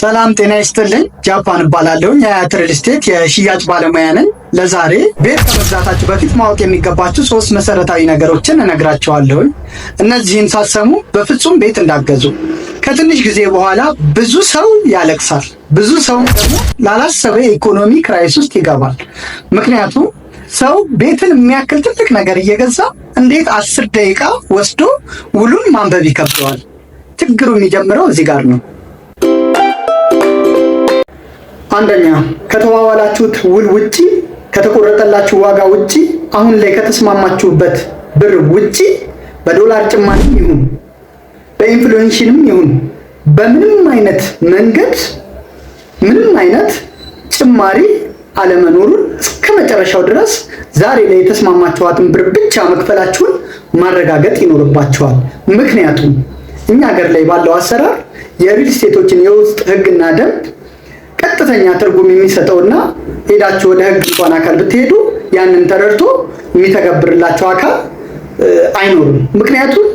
ሰላም ጤና ይስጥልኝ። ጃፓን እባላለሁ። የሀያት ሪል ስቴት የሽያጭ ባለሙያ ነኝ። ለዛሬ ቤት ከመግዛታችሁ በፊት ማወቅ የሚገባችሁ ሶስት መሰረታዊ ነገሮችን እነግራችኋለሁ። እነዚህን ሳሰሙ በፍጹም ቤት እንዳገዙ። ከትንሽ ጊዜ በኋላ ብዙ ሰው ያለቅሳል፣ ብዙ ሰው ደግሞ ላላሰበ የኢኮኖሚ ክራይስ ውስጥ ይገባል። ምክንያቱም ሰው ቤትን የሚያክል ትልቅ ነገር እየገዛ እንዴት አስር ደቂቃ ወስዶ ውሉን ማንበብ ይከብደዋል። ችግሩ የሚጀምረው እዚህ ጋር ነው። አንደኛ ከተዋዋላችሁት ውል ውጪ ከተቆረጠላችሁ ዋጋ ውጪ አሁን ላይ ከተስማማችሁበት ብር ውጪ በዶላር ጭማሪም ይሁን በኢንፍሉዌንሽንም ይሁን በምንም አይነት መንገድ ምንም አይነት ጭማሪ አለመኖሩን እስከ መጨረሻው ድረስ ዛሬ ላይ የተስማማችኋትን ብር ብቻ መክፈላችሁን ማረጋገጥ ይኖርባችኋል። ምክንያቱም እኛ ሀገር ላይ ባለው አሰራር የሪል ስቴቶችን የውስጥ ህግና ደንብ ቀጥተኛ ትርጉም የሚሰጠውና ሄዳችሁ ወደ ህግ እንኳን አካል ብትሄዱ ያንን ተረድቶ የሚተገብርላቸው አካል አይኖሩም። ምክንያቱም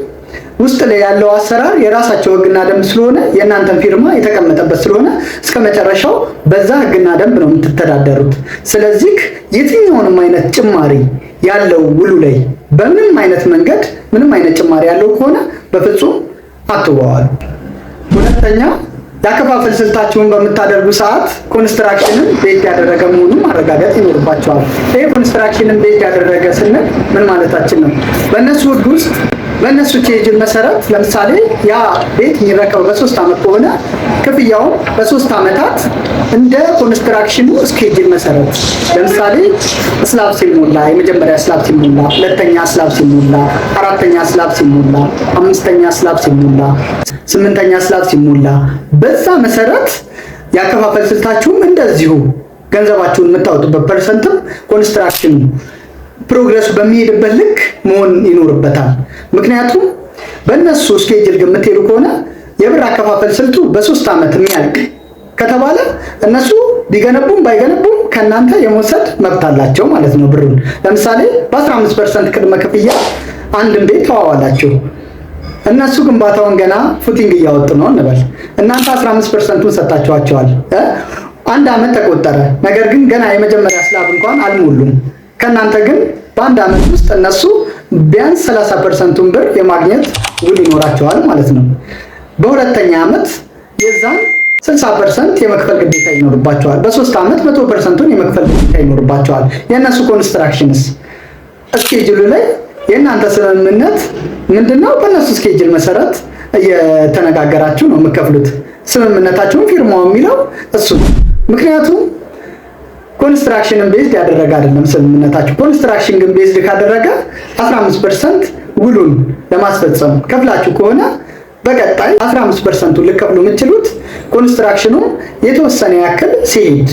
ውስጥ ላይ ያለው አሰራር የራሳቸው ህግና ደንብ ስለሆነ የእናንተን ፊርማ የተቀመጠበት ስለሆነ እስከ መጨረሻው በዛ ህግና ደንብ ነው የምትተዳደሩት። ስለዚህ የትኛውንም አይነት ጭማሪ ያለው ውሉ ላይ በምንም አይነት መንገድ ምንም አይነት ጭማሪ ያለው ከሆነ በፍጹም አትዋዋሉ። ሁለተኛ ያከፋፈል ስልታችሁን በምታደርጉ ሰዓት ኮንስትራክሽንን ቤት ያደረገ መሆኑን ማረጋገጥ ይኖርባቸዋል። ይህ ኮንስትራክሽንን ቤት ያደረገ ስንል ምን ማለታችን ነው? በእነሱ ህግ ውስጥ በእነሱ ኬጅን መሰረት ለምሳሌ ያ ቤት የሚረከበው በሶስት ዓመት ከሆነ ክፍያውን በሶስት ዓመታት እንደ ኮንስትራክሽኑ ስኬጅል መሰረት ለምሳሌ ስላብ ሲሞላ የመጀመሪያ ስላብ ሲሞላ፣ ሁለተኛ ስላብ ሲሞላ፣ አራተኛ ስላብ ሲሞላ፣ አምስተኛ ስላብ ሲሞላ ስምንተኛ ስላት ሲሞላ በዛ መሰረት ያከፋፈል ስልታችሁም እንደዚሁ ገንዘባችሁን የምታወጡበት ፐርሰንትም ኮንስትራክሽን ፕሮግረሱ በሚሄድበት ልክ መሆን ይኖርበታል። ምክንያቱም በእነሱ ስኬጅል የምትሄዱ ከሆነ የብር አከፋፈል ስልቱ በሶስት ዓመት የሚያልቅ ከተባለ እነሱ ቢገነቡም ባይገነቡም ከእናንተ የመውሰድ መብት አላቸው ማለት ነው ብሩን። ለምሳሌ በ15 ፐርሰንት ቅድመ ክፍያ አንድን ቤት ተዋዋላችሁ። እነሱ ግንባታውን ገና ፉቲንግ እያወጡ ነው እንበል። እናንተ 15 ፐርሰንቱን ሰጣችኋቸዋል። አንድ አመት ተቆጠረ። ነገር ግን ገና የመጀመሪያ ስላብ እንኳን አልሞሉም። ከእናንተ ግን በአንድ አመት ውስጥ እነሱ ቢያንስ 30 ፐርሰንቱን ብር የማግኘት ውል ይኖራቸዋል ማለት ነው። በሁለተኛ አመት የዛን 60 ፐርሰንት የመክፈል ግዴታ ይኖርባቸዋል። በሶስት አመት መቶ ፐርሰንቱን የመክፈል ግዴታ ይኖርባቸዋል። የእነሱ ኮንስትራክሽንስ እስኬጁሉ ላይ የእናንተ ስምምነት ምንድነው? በእነሱ ስኬጅል መሰረት እየተነጋገራችሁ ነው የምከፍሉት። ስምምነታችሁን ፊርማው የሚለው እሱ ነው። ምክንያቱም ኮንስትራክሽንን ቤዝድ ያደረገ አይደለም ስምምነታችሁ። ኮንስትራክሽን ግን ቤዝድ ካደረገ 15 ፐርሰንት ውሉን ለማስፈጸም ከፍላችሁ ከሆነ በቀጣይ 15 ፐርሰንቱን ልከፍሉ የምችሉት ኮንስትራክሽኑ የተወሰነ ያክል ሲሄድ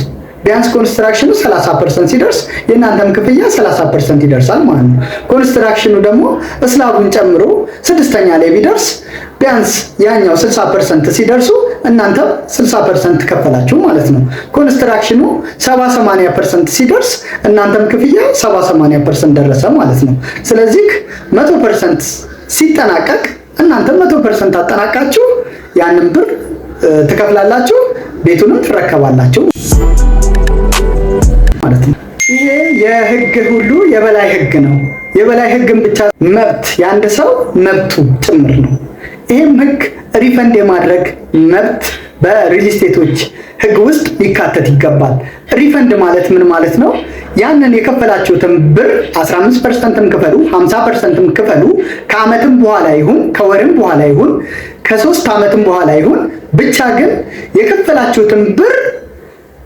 ቢያንስ ኮንስትራክሽኑ 30 ፐርሰንት ሲደርስ የእናንተም ክፍያ 30 ፐርሰንት ይደርሳል ማለት ነው። ኮንስትራክሽኑ ደግሞ እስላቡን ጨምሮ ስድስተኛ ላይ ቢደርስ ቢያንስ ያኛው 60 ፐርሰንት ሲደርሱ እናንተም 60 ፐርሰንት ከፈላችሁ ማለት ነው። ኮንስትራክሽኑ 78 ፐርሰንት ሲደርስ እናንተም ክፍያ 78 ፐርሰንት ደረሰ ማለት ነው። ስለዚህ 100 ፐርሰንት ሲጠናቀቅ እናንተም 100 ፐርሰንት አጠናቃችሁ ያንን ብር ትከፍላላችሁ፣ ቤቱንም ትረከባላችሁ። የህግ ሁሉ የበላይ ህግ ነው። የበላይ ህግን ብቻ መብት የአንድ ሰው መብቱ ጭምር ነው። ይህም ህግ ሪፈንድ የማድረግ መብት በሪል ህግ ውስጥ ሊካተት ይገባል። ሪፈንድ ማለት ምን ማለት ነው? ያንን የከፈላችሁትን ብር 15 ፐርሰንትም ክፈሉ 50 ፐርሰንትም ክፈሉ፣ ከአመትም በኋላ ይሁን ከወርም በኋላ ይሁን ከሶስት አመትም በኋላ ይሁን ብቻ ግን የከፈላችሁትን ብር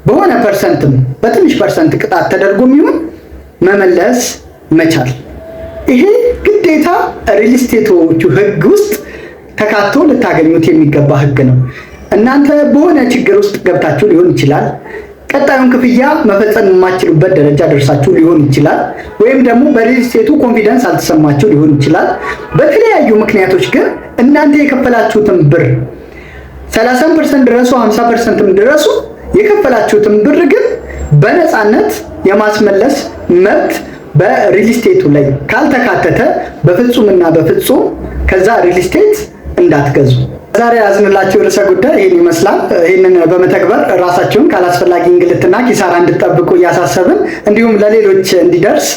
በሆነ ፐርሰንትም በትንሽ ፐርሰንት ቅጣት ተደርጎ የሚሆን መመለስ መቻል። ይሄ ግዴታ ሪል ስቴቶቹ ህግ ውስጥ ተካቶ ልታገኙት የሚገባ ህግ ነው። እናንተ በሆነ ችግር ውስጥ ገብታችሁ ሊሆን ይችላል። ቀጣዩን ክፍያ መፈጸም የማችሉበት ደረጃ ደርሳችሁ ሊሆን ይችላል። ወይም ደግሞ በሪል ስቴቱ ኮንፊደንስ አልተሰማችሁ ሊሆን ይችላል። በተለያዩ ምክንያቶች ግን እናንተ የከፈላችሁትን ብር 30 ፐርሰንት ድረሱ፣ 50 ፐርሰንትም ድረሱ የከፈላችሁትን ብር ግን በነፃነት የማስመለስ መብት በሪል ስቴቱ ላይ ካልተካተተ በፍጹም በፍጹም ከዛ ሪል ስቴት እንዳትገዙ። ዛሬ ያዝንላቸው ርዕሰ ጉዳይ ይህን ይመስላል። ይህንን በመተግበር ራሳችሁን ካላስፈላጊ እንግልትና ኪሳራ እንድጠብቁ እያሳሰብን እንዲሁም ለሌሎች እንዲደርስ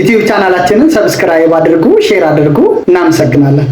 ዩቲዩብ ቻናላችንን ሰብስክራይብ አድርጉ፣ ሼር አድርጉ። እናመሰግናለን።